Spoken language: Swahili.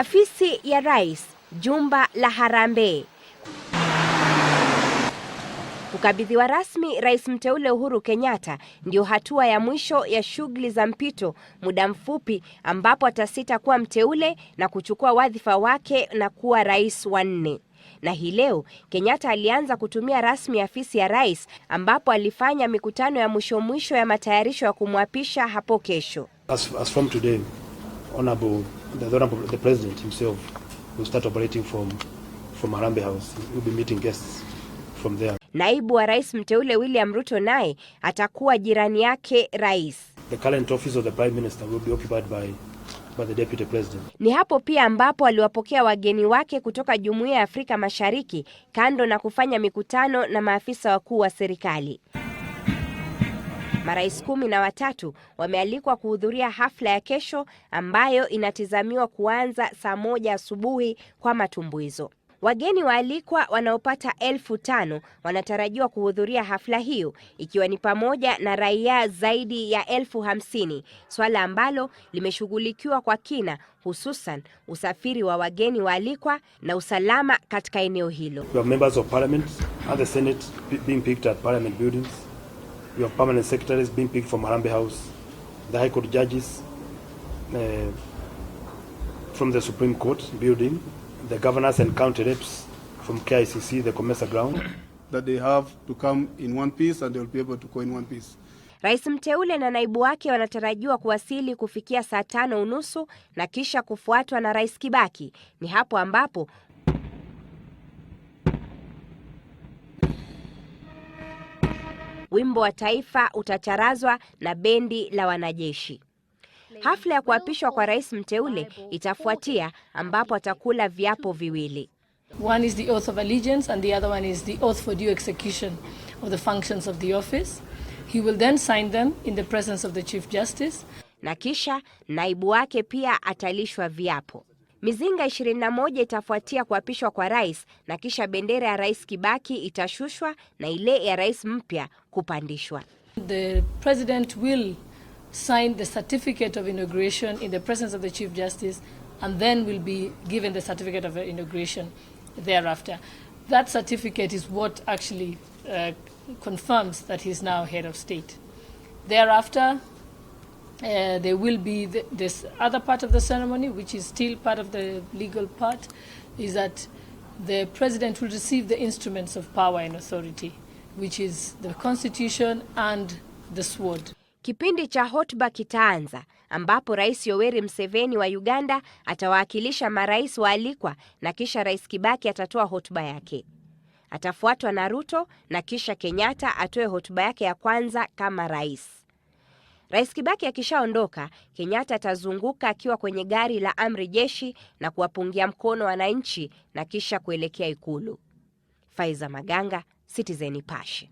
Afisi ya Rais, jumba la Harambee, kukabidhiwa rasmi Rais mteule Uhuru Kenyatta ndiyo hatua ya mwisho ya shughuli za mpito, muda mfupi ambapo atasita kuwa mteule na kuchukua wadhifa wake na kuwa rais wa nne. Na hii leo Kenyatta alianza kutumia rasmi afisi ya rais ambapo alifanya mikutano ya mwisho mwisho ya matayarisho ya kumwapisha hapo kesho. As, as from today honorable the honorable the president himself will start operating from from Harambee House. We'll be meeting guests from there. Naibu wa Rais mteule William Ruto naye atakuwa jirani yake rais. The current office of the prime minister will be occupied by by the deputy president. Ni hapo pia ambapo aliwapokea wageni wake kutoka Jumuiya ya Afrika Mashariki kando na kufanya mikutano na maafisa wakuu wa serikali. Marais kumi na watatu wamealikwa kuhudhuria hafla ya kesho ambayo inatizamiwa kuanza saa moja asubuhi kwa matumbuizo. Wageni waalikwa wanaopata elfu tano wanatarajiwa kuhudhuria hafla hiyo ikiwa ni pamoja na raia zaidi ya elfu hamsini swala ambalo limeshughulikiwa kwa kina, hususan usafiri wa wageni waalikwa na usalama katika eneo hilo your permanent secretaries being picked from Harambee House, the High Court judges uh, from the Supreme Court building, the governors and county reps from KICC, the Comesa ground. That they have to come in one piece and they'll be able to go in one piece. Rais mteule na naibu wake wanatarajiwa kuwasili kufikia saa tano unusu na kisha kufuatwa na Rais Kibaki. Ni hapo ambapo wimbo wa taifa utacharazwa na bendi la wanajeshi. Hafla ya kuapishwa kwa rais mteule itafuatia, ambapo atakula viapo viwili. One is the oath of allegiance and the other one is the oath for due execution of the functions of the office. He will then sign them in the presence of the Chief Justice. Na kisha naibu wake pia atalishwa viapo. Mizinga 21 itafuatia kuapishwa kwa rais na kisha bendera ya Rais Kibaki itashushwa na ile ya rais mpya kupandishwa. The president will sign the certificate of inauguration in the presence of the Chief Justice and then will be given the certificate of inauguration thereafter. That certificate is what actually uh, confirms that he is now head of state. Thereafter, Uh, there will be the, this other part of the ceremony, which is still part of the legal part, is that the president will receive the instruments of power and authority, which is the constitution and the sword. Kipindi cha hotuba kitaanza ambapo Rais Yoweri Museveni wa Uganda atawakilisha marais waalikwa na kisha Rais Kibaki atatoa hotuba yake. Atafuatwa na Ruto na kisha Kenyatta atoe hotuba yake ya kwanza kama rais. Rais Kibaki akishaondoka, Kenyatta atazunguka akiwa kwenye gari la amri jeshi na kuwapungia mkono wananchi na kisha kuelekea Ikulu. Faiza Maganga, Citizen Nipashe.